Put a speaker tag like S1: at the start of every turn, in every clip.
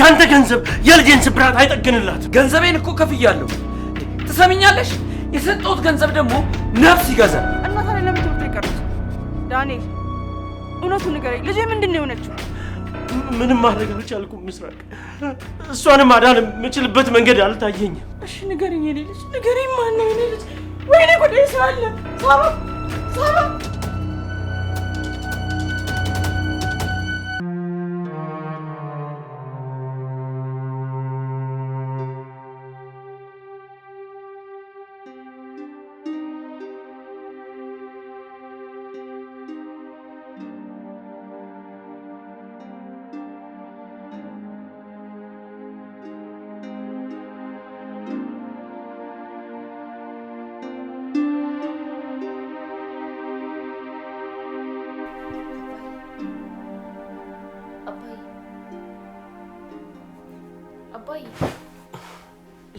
S1: ያንተ ገንዘብ የልጄን ስብራት አይጠግንላት። ገንዘቤን እኮ ከፍያለሁ። ትሰሚኛለሽ? የሰጠሁት ገንዘብ ደግሞ ነፍስ ይገዛል።
S2: እና ታዲያ ለምን ትምህርት የቀሩት? ዳንኤል እውነቱን ንገረኝ፣ ልጄ ምንድን ነው የሆነችው?
S1: ምንም ማድረግ አልቻልኩም ምስራቅ። እሷንም አዳን የምችልበት መንገድ አልታየኝም።
S2: እሺ ንገረኝ፣ የኔ ልጅ፣ ንገረኝ። ማን ነው የኔ ልጅ? ወይኔ ጉዳይ ሰው አለ። ሳባ ሳባ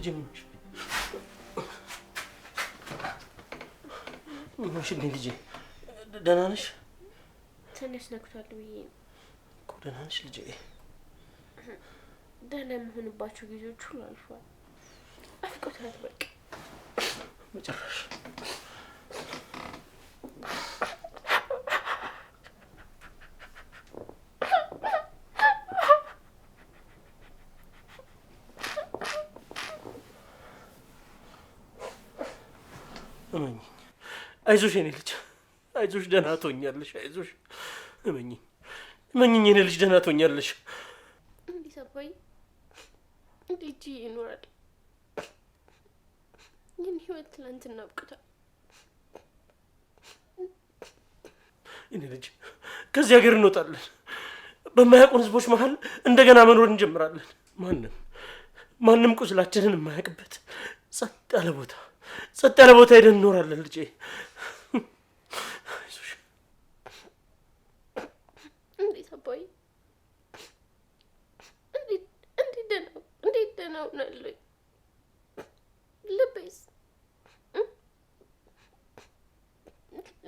S1: ጀመርሽ? ምን ሆንሽብኝ ልጄ? ደህና ነሽ?
S2: ትንሽ ነክቷል ብዬ
S1: እኮ። ደህና ነሽ ልጄ?
S2: ደህና የምሆንባቸው ጊዜዎች ሁሉ አልፏል። አፍቆታል በቃ
S1: መጨረሻ አይዞሽ የኔ ልጅ አይዞሽ፣ ደህና ትሆኛለሽ። አይዞሽ፣ እመኝኝ፣ እመኝኝ የኔ ልጅ ደህና ትሆኛለሽ።
S2: እንዴት አባዬ፣ እንዴት ይኖራል? ይህን ህይወት ትናንትና አብቅቷል።
S1: የኔ ልጅ ከዚህ ሀገር እንወጣለን። በማያውቁን ህዝቦች መሀል እንደገና መኖር እንጀምራለን። ማንም ማንም ቁስላችንን የማያውቅበት ጸጥ ያለ ቦታ ጸጥ ያለ ቦታ ሄደን እንኖራለን ልጄ።
S2: እንዴት አባዬ፣ እንዴት ደህና እንዴት ደህና ሆናለሁ። ልቤስ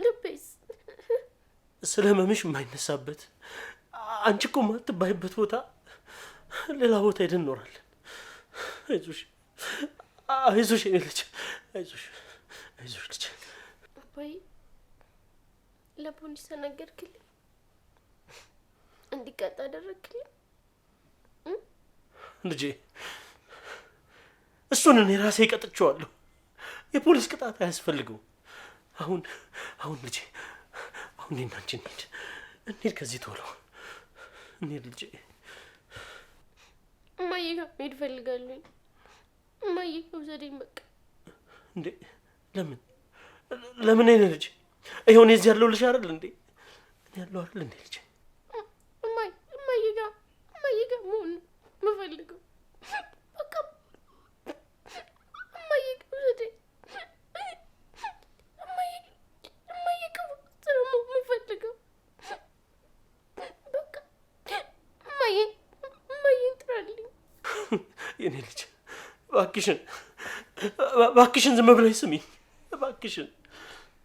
S2: ልቤስ
S1: ስለ መምሽ የማይነሳበት አንቺ እኮ ማትባይበት ቦታ ሌላ ቦታ ሄደን እንኖራለን። አይዞሽ አይዞሽ ልጅ አይዞሽ፣ አይዞሽ ልጅ።
S2: አባዬ ለፖሊስ ተናገርክልኝ? እንዲቀጣ አደረግክልኝ?
S1: ልጄ እሱን እኔ ራሴ እቀጥቼዋለሁ። የፖሊስ ቅጣት አያስፈልገው። አሁን አሁን ልጄ አሁን እኔና አንቺ እንሂድ፣ እንሂድ ከዚህ ቶሎ እንሂድ ልጄ።
S2: እማዬ ጋር መሄድ እፈልጋለሁ። እማዬ ውሰደኝ በቃ።
S1: እንዴ ለምን ለምን? ይሄ ልጅ ይኸው እኔ እዚህ ያለው ልጅ አይደል እንዴ? እኔ ያለው አይደል እንዴ ልጅ እባክሽን እባክሽን ዝም ብለሽ ስሚኝ። እባክሽን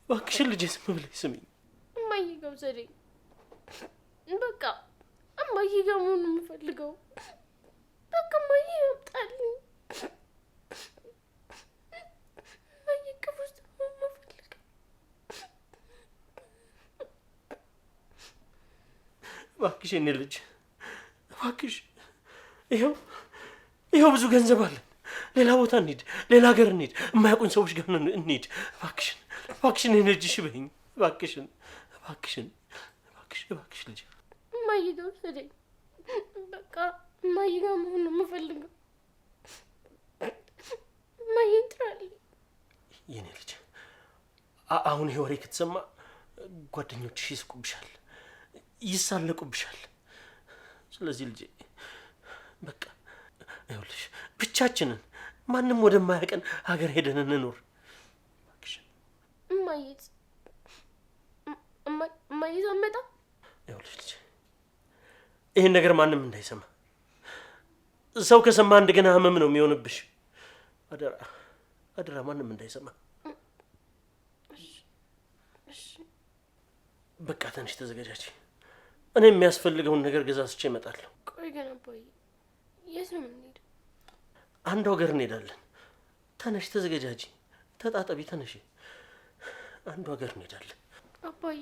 S1: እባክሽን ልጄ ዝም ብለሽ ስሚኝ።
S2: እማዬ ጋር ውሰደኝ በቃ እማዬ ጋር መሆን የምፈልገው። በቃ እማዬ ያምጣልኝ። እማዬ ቅፍ ውስጥ
S1: እባክሽ የኔ ልጅ እባክሽ። ይኸው ይኸው ብዙ ገንዘብ አለን ሌላ ቦታ እንሂድ፣ ሌላ ሀገር እንሂድ፣ የማያውቁኝ ሰዎች ጋር እንሂድ። እባክሽን፣ እባክሽን ነጅሽ በኝ። እባክሽን፣ እባክሽን፣ እባክሽ፣ እባክሽ ልጅ
S2: እማዬ ጋር ውሰደኝ። በቃ እማዬ ጋር መሆን ነው የምፈልገው። እማዬ እንጥራለኝ።
S1: የኔ ልጅ አሁን ይሄ ወሬ ከተሰማ ጓደኞችሽ ይስቁብሻል፣ ይሳለቁብሻል። ስለዚህ ልጄ በቃ ይኸውልሽ ብቻችንን ማንም ወደማያውቀን ሀገር ሄደን እንኖር። እማዬት አመጣ ይኸውልሽ ልጅ፣ ይህን ነገር ማንም እንዳይሰማ። ሰው ከሰማ እንደገና ህመም ነው የሚሆንብሽ። አደራ አደራ፣ ማንም እንዳይሰማ። በቃ ትንሽ ተዘጋጃች። እኔ የሚያስፈልገውን ነገር ገዛ ስቼ እመጣለሁ።
S2: ቆይ ገና አባዬ የት ነው
S1: አንድ ወገር እንሄዳለን። ተነሽ፣ ተዘገጃጂ፣ ተጣጠቢ፣ ተነሽ። አንድ ወገር እንሄዳለን።
S2: አባዬ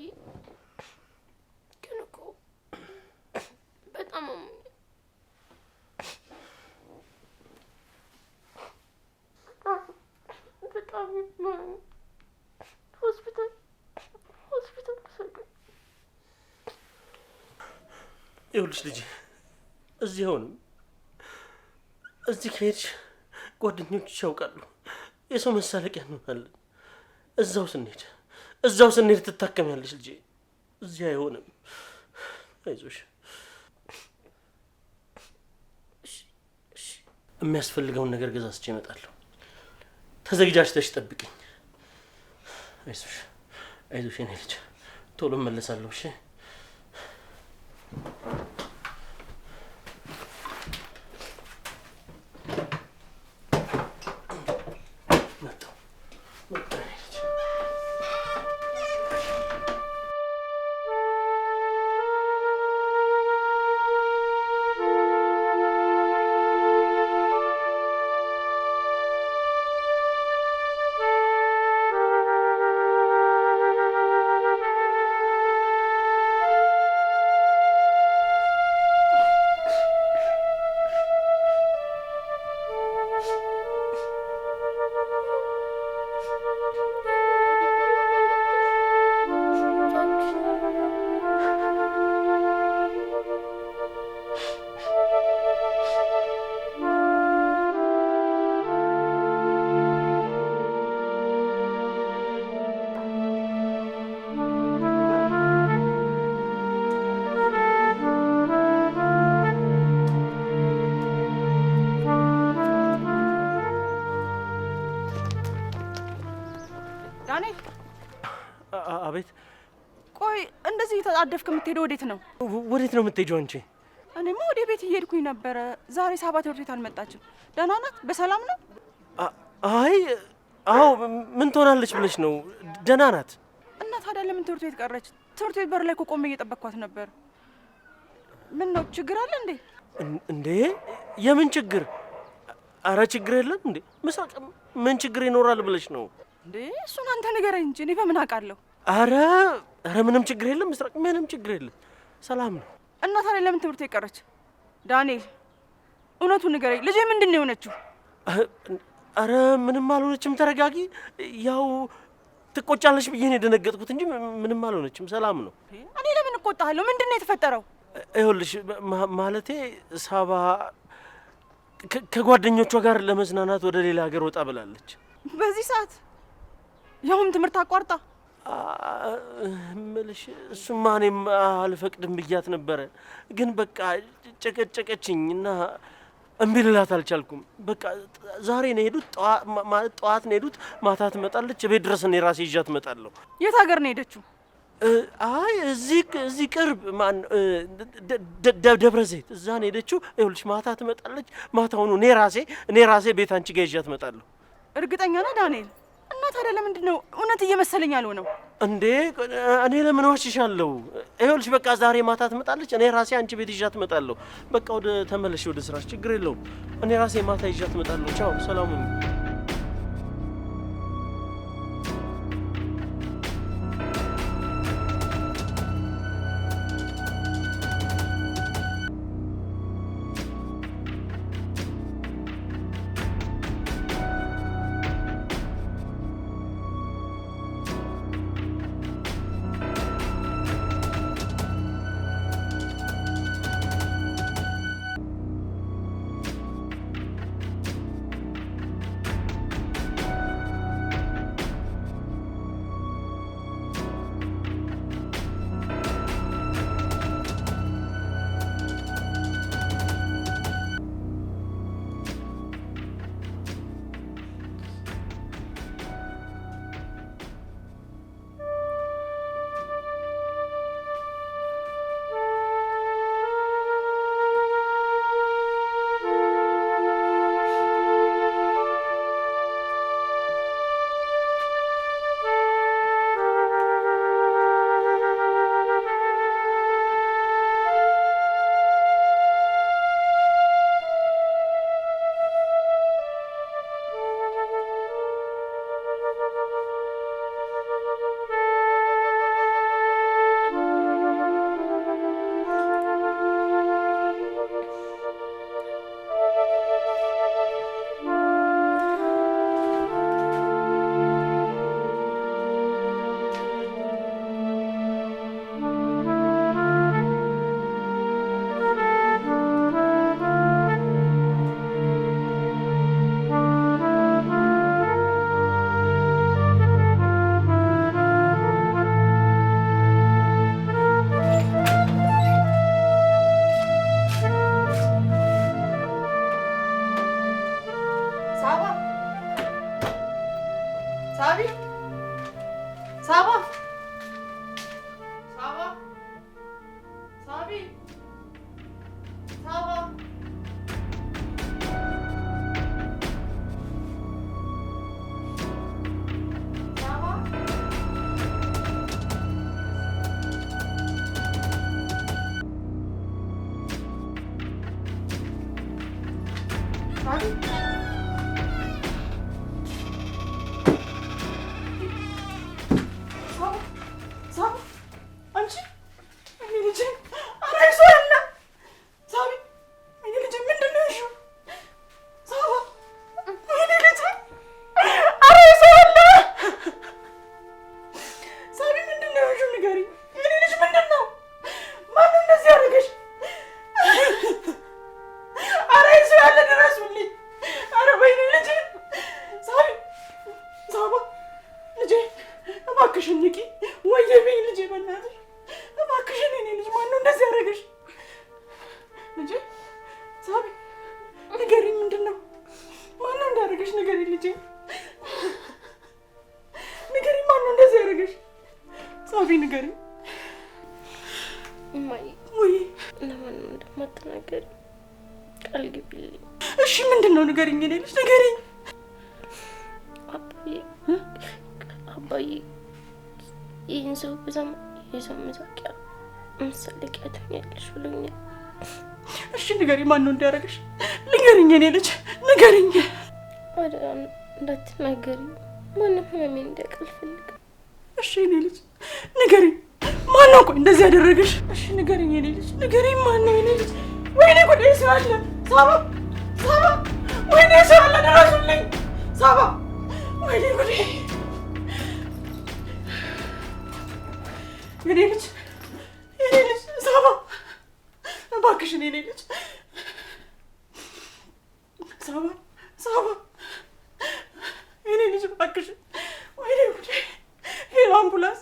S2: ግን እኮ በጣም በጣም ሆስፒታል ሆስፒታል
S1: ይኸውልሽ ልጅ እዚህ አሁንም እዚህ ከሄድሽ ጓደኞች ያውቃሉ። የሰው መሳለቂያ እንሆናለን። እዛው ስንሄድ እዛው ስንሄድ ትታከሚያለሽ ልጄ። እዚህ አይሆንም፣ አይዞሽ። የሚያስፈልገውን ነገር ገዛዝቼ እመጣለሁ። ተዘግጃጅተሽ ጠብቅኝ። አይዞሽ፣ አይዞሽ የኔ ልጅ፣ ቶሎ እመለሳለሁ። እሺ
S2: እየተጣደፍክ የምትሄደው ወዴት ነው?
S1: ወዴት ነው የምትሄጂው አንቺ?
S2: እኔማ ወደ ቤት እየሄድኩኝ ነበረ። ዛሬ ሳባ ትምህርት ቤት አልመጣችም። ደህና ናት? በሰላም ነው?
S1: አይ አዎ፣ ምን ትሆናለች ብለሽ ነው? ደህና ናት።
S2: እና ታዲያ ለምን ትምህርት ቤት ቀረች? ትምህርት ቤት በር ላይ እኮ ቆሜ እየጠበቅኳት ነበር። ምን ነው ችግር አለ እንዴ?
S1: እንዴ የምን ችግር? አረ ችግር የለም። እንዴ ምሳቅ ምን ችግር ይኖራል ብለሽ ነው
S2: እንዴ? እሱን አንተ ንገረኝ እንጂ እኔ በምን አውቃለሁ?
S1: አረ አረ ምንም ችግር የለም ምስራቅ፣ ምንም ችግር የለም ሰላም ነው።
S2: እና ታዲያ ለምን ትምህርት የቀረች? ዳንኤል እውነቱን ንገረኝ፣ ልጄ ምንድን ነው የሆነችው?
S1: አረ ምንም አልሆነችም፣ ተረጋጊ። ያው ትቆጫለች ብዬ ነው የደነገጥኩት እንጂ ምንም አልሆነችም፣ ሰላም ነው።
S2: እኔ ለምን እቆጣለሁ? ምንድን ነው የተፈጠረው?
S1: ይኸውልሽ ማለቴ ሳባ ከጓደኞቿ ጋር ለመዝናናት ወደ ሌላ ሀገር ወጣ ብላለች።
S2: በዚህ ሰዓት ያውም ትምህርት አቋርጣ
S1: ምልሽ እሱማ እኔም አልፈቅድም ብያት ነበረ፣ ግን በቃ ጨቀጨቀችኝ እና እምቢ ልላት አልቻልኩም። በቃ ዛሬ ነው ሄዱት፣ ማለት ጠዋት ነው ሄዱት፣ ማታ ትመጣለች፣ ቤት ድረስ እኔ ራሴ ይዣት እመጣለሁ።
S2: የት ሀገር ነው ሄደችው?
S1: አይ እዚህ ቅርብ ማን ደብረ ዘይት እዛ ነው ሄደችው። ይኸውልሽ ማታ ትመጣለች። ማታውኑ እኔ ራሴ እኔ ራሴ ቤት አንቺ ጋር ይዣት እመጣለሁ።
S2: እርግጠኛ ነህ ዳንኤል? እና ታዲያ ለምንድን ነው እውነት እየመሰለኝ ነው
S1: እንዴ? እኔ ለምን ዋሽሻለሁ? ይኸውልሽ በቃ ዛሬ ማታ ትመጣለች። እኔ ራሴ አንቺ ቤት ይዣት እመጣለሁ። በቃ ወደ ተመለሽ ወደ ስራሽ፣ ችግር የለውም። እኔ ራሴ ማታ ይዣት እመጣለሁ። ቻው፣ ሰላሙን
S2: ልጄ ሳቢ ንገሪኝ፣ ምንድን ነው ማነው እንዳደረገሽ? ንገሪኝ ልጄ ንገሪኝ፣ ማነው እንደዚህ ያደረገሽ? ሳቢ ንገሪኝ። እማዬ ወይ ለማንም እንደማትናገሪ ቃል ግቢልኝ እሺ? ምንድን ነው ንገሪኝ፣ እኔ ልጅ ንገሪ፣ ማን ነው እንዲያደርግሽ? ንገሪኝ፣ እኔ ልጅ ንገሪኝ። ወደ እንዳትናገሪ፣ ማንም ህመሜን እንዳያውቅ አልፈልግም። እሺ እኔ ልጅ ንገሪኝ፣ ማን ነው ቆይ እንደዚህ ያደረግሽ? እሺ ንገሪኝ፣ እኔ ልጅ ንገሪኝ፣ ማን ነው? እኔ ልጅ ወይኔ፣ ጉዴ! ሰው አለ ሳባ፣ ሳባ፣ ወይኔ ሰው አለ፣ ደረሱልኝ፣ ሳባ፣ ወይኔ ቆይ እኔ ልጅ፣ እኔ ልጅ፣ ሳባ እባክሽን፣ እኔ ልጅ ሳባ ሳባ፣ እኔ ልጅ እባክሽ፣ ወይኔ ጉዴ! ሄሎ አምቡላንስ፣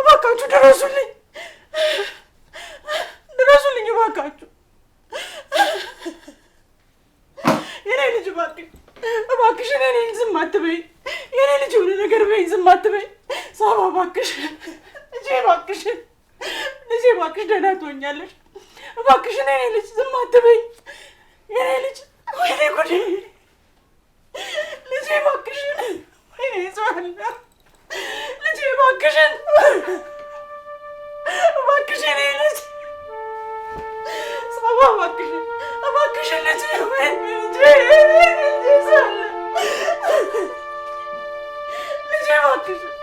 S2: እባካችሁ ድረሱልኝ፣ ድረሱልኝ እባካችሁ፣ የኔ ልጅ እባክሽ፣ እባክሽ፣ እኔ ዝም አትበይ፣ የኔ ልጅ የሆነ ነገር በይ፣ ዝም አትበይ ሳባ፣ እባክሽ፣ ልጄ እባክሽ፣ ልጄ እባክሽ፣ ደህና ትሆኛለሽ እባክሽ፣ የኔ ልጅ ዝም አትበይ፣ የኔ ልጅ ወይኔ ጉዴ! ልጄ እባክሽን! ወይኔ ይዞላ! ልጄ እባክሽን! እባክሽን ልጅ ሰባ እባክሽን! እባክሽን ልጅ ልጄ እባክሽን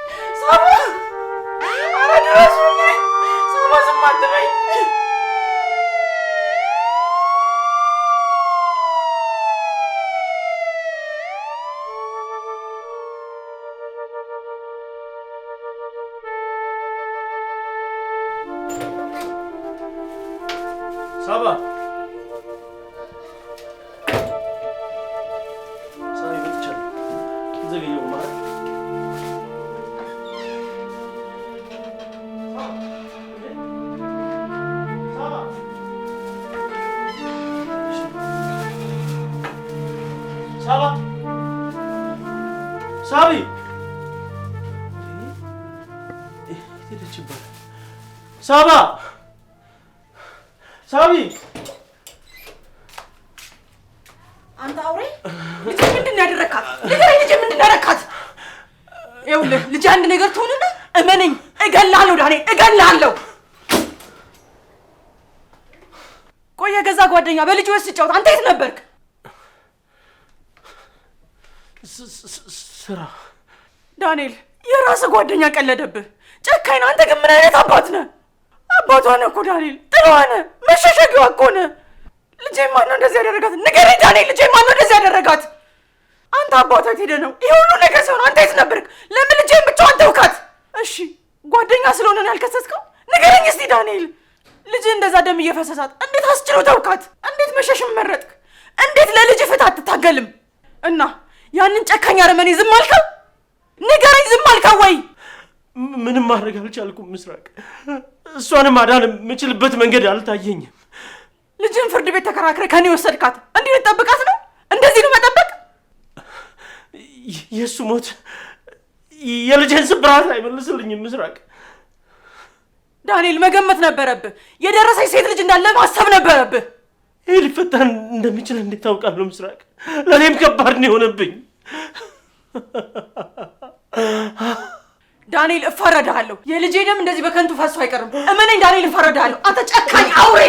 S1: ሳባ ሳቢ ሄደች ይባላል። ሳባ ሳቢ
S2: አንተ አውሬ ልጄ ምንድን ነው ያደረካት? ንገረኝ፣ ምንድን ነው ያደረካት? ይኸውልህ አንድ ነገር ትሆንና እመነኝ፣ እገልሃለሁ፣ ዳኔ እገልሃለሁ። ቆይ የገዛ ጓደኛ በልጅ ወስድ አንተ የት ነበርክ? ስራ ዳንኤል፣ የራስህ ጓደኛ ቀለደብህ። ጨካኝ ነው። አንተ ግን ምን አይነት አባት ነህ? አባቷ ሆነ እኮ ዳንኤል፣ ጥሩ ሆነ፣ መሸሸጊዋ እኮ ነህ። ልጄ ማነው እንደዚህ ያደረጋት? ንገረኝ ዳንኤል፣ ልጄ ነው እንደዚህ ያደረጋት? አንተ አባቷ የት ሄደህ ነው? ይህ ሁሉ ነገር ሲሆን አንተ የት ነበርክ? ለምን ልጄን ብቻዋን ተውካት? እሺ ጓደኛ ስለሆነ ነው ያልከሰስከው? ንገረኝ እስቲ ዳንኤል፣ ልጅ እንደዛ ደም እየፈሰሳት እንዴት አስችሎ ተውካት? እንዴት መሸሽ መረጥክ? እንዴት ለልጅ ፍት አትታገልም? እና ያንን ጨካኝ አረመኔ ዝም አልከው? ንገረኝ፣ ዝም አልከው ወይ?
S1: ምንም ማድረግ አልቻልኩም ምስራቅ። እሷንም አዳን የምችልበት መንገድ አልታየኝም።
S2: ልጅን ፍርድ ቤት ተከራክረ ከኔ ወሰድካት። እንዲህ ልጠብቃት ነው? እንደዚህ ነው መጠበቅ?
S1: የእሱ ሞት የልጅን ስብራት አይመልስልኝም ምስራቅ።
S2: ዳንኤል፣ መገመት ነበረብህ። የደረሰች ሴት ልጅ እንዳለ ማሰብ ነበረብህ።
S1: ይህ ሊፈታ እንደሚችል እንዴት ምስራቅ? ለእኔም ከባድ ነው የሆነብኝ።
S2: ዳንኤል እፈረዳለሁ። የልጄ ደም እንደዚህ በከንቱ ፈሶ አይቀርም። እመነኝ ዳንኤል እፈረዳለሁ። አንተ ጨካኝ አውሬ!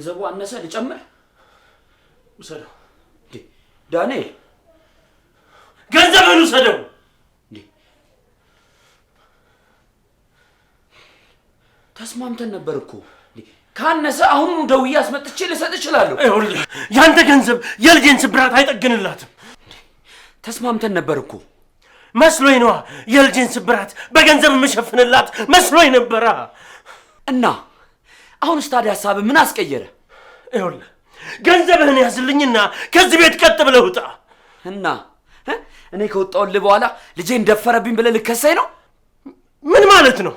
S1: ገንዘቡ አነሰ ልጨምር? ውሰደው እንዴ ዳንኤል፣ ገንዘብን ውሰደው። ተስማምተን ነበር እኮ ካነሰ አሁኑ ደውዬ አስመጥቼ ልሰጥ እችላለሁ። ይኸውልህ ያንተ ገንዘብ የልጄን ስብራት አይጠግንላትም። ተስማምተን ነበር እኮ መስሎኝ ነዋ። የልጄን ስብራት በገንዘብ የምሸፍንላት መስሎኝ ነበራ እና አሁንስ ታዲያ ሀሳብ ምን አስቀየረ? ይኸውልህ ገንዘብህን ያዝልኝና ከዚህ ቤት ቀጥ ብለህ ውጣ። እና እኔ ከወጣሁልህ በኋላ ልጄን ደፈረብኝ ብለህ ልከሳኝ ነው? ምን ማለት ነው?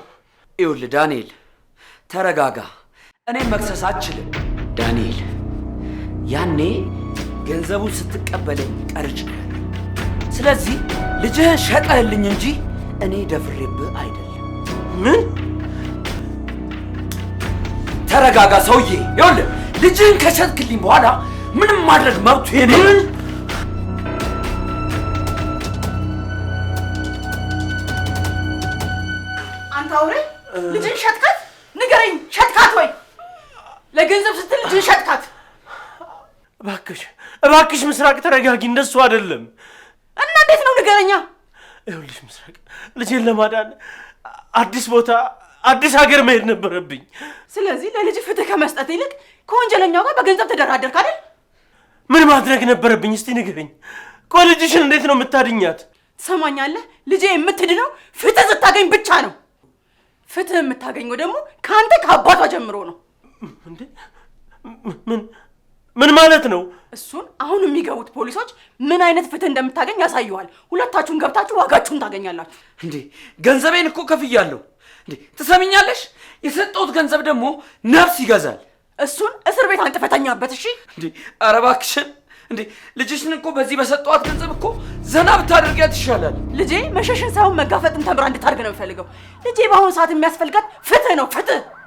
S1: ይኸውልህ ዳንኤል ተረጋጋ። እኔም መክሰስ አችልም ዳንኤል። ያኔ ገንዘቡን ስትቀበለኝ ቀርጭ። ስለዚህ ልጅህን ሸጠህልኝ እንጂ እኔ ደፍሬብህ አይደለም። ምን ተረጋጋ ሰውዬ። ይኸውልህ ልጅህን ከሸጥክልኝ በኋላ ምንም ማድረግ መብቱ የኔ
S2: አንተ ልጅን ሸጥካት? ንገረኝ፣ ሸጥካት ወይ? ለገንዘብ ስትል ልጅን ሸጥካት?
S1: እባክሽ እባክሽ ምስራቅ ተረጋጊ፣ እንደሱ አይደለም።
S2: እና እንዴት ነው ንገረኛ።
S1: ይኸውልሽ ምስራቅ ልጄን ለማዳን አዲስ ቦታ አዲስ ሀገር መሄድ ነበረብኝ።
S2: ስለዚህ ለልጅ ፍትህ ከመስጠት ይልቅ ከወንጀለኛው ጋር በገንዘብ ተደራደርክ አይደል?
S1: ምን ማድረግ ነበረብኝ? እስቲ ንገረኝ። ቆይ ልጅሽን እንዴት ነው የምታድኛት?
S2: ትሰማኛለህ? ልጄ የምትድነው ፍትህ ስታገኝ ብቻ ነው። ፍትህ የምታገኘው ደግሞ ከአንተ ከአባቷ ጀምሮ ነው።
S1: ምን ምን ማለት ነው?
S2: እሱን አሁን የሚገቡት ፖሊሶች ምን አይነት ፍትህ እንደምታገኝ ያሳየዋል። ሁለታችሁን ገብታችሁ ዋጋችሁን ታገኛላችሁ።
S1: እንዴ ገንዘቤን እኮ ከፍያለሁ። ትሰሚኛለሽ? የሰጠሁት ገንዘብ ደግሞ ነፍስ ይገዛል።
S2: እሱን እስር ቤት አንተ ፈተኛበት። እሺ
S1: እንዴ! ኧረ እባክሽን እንዴ! ልጅሽን እኮ በዚህ በሰጠኋት ገንዘብ እኮ ዘና ብታደርጊያት ይሻላል።
S2: ልጄ መሸሽን ሳይሆን መጋፈጥን ተምራ እንድታደርግ ነው የሚፈልገው። ልጄ በአሁኑ ሰዓት የሚያስፈልጋት ፍትህ ነው፣ ፍትህ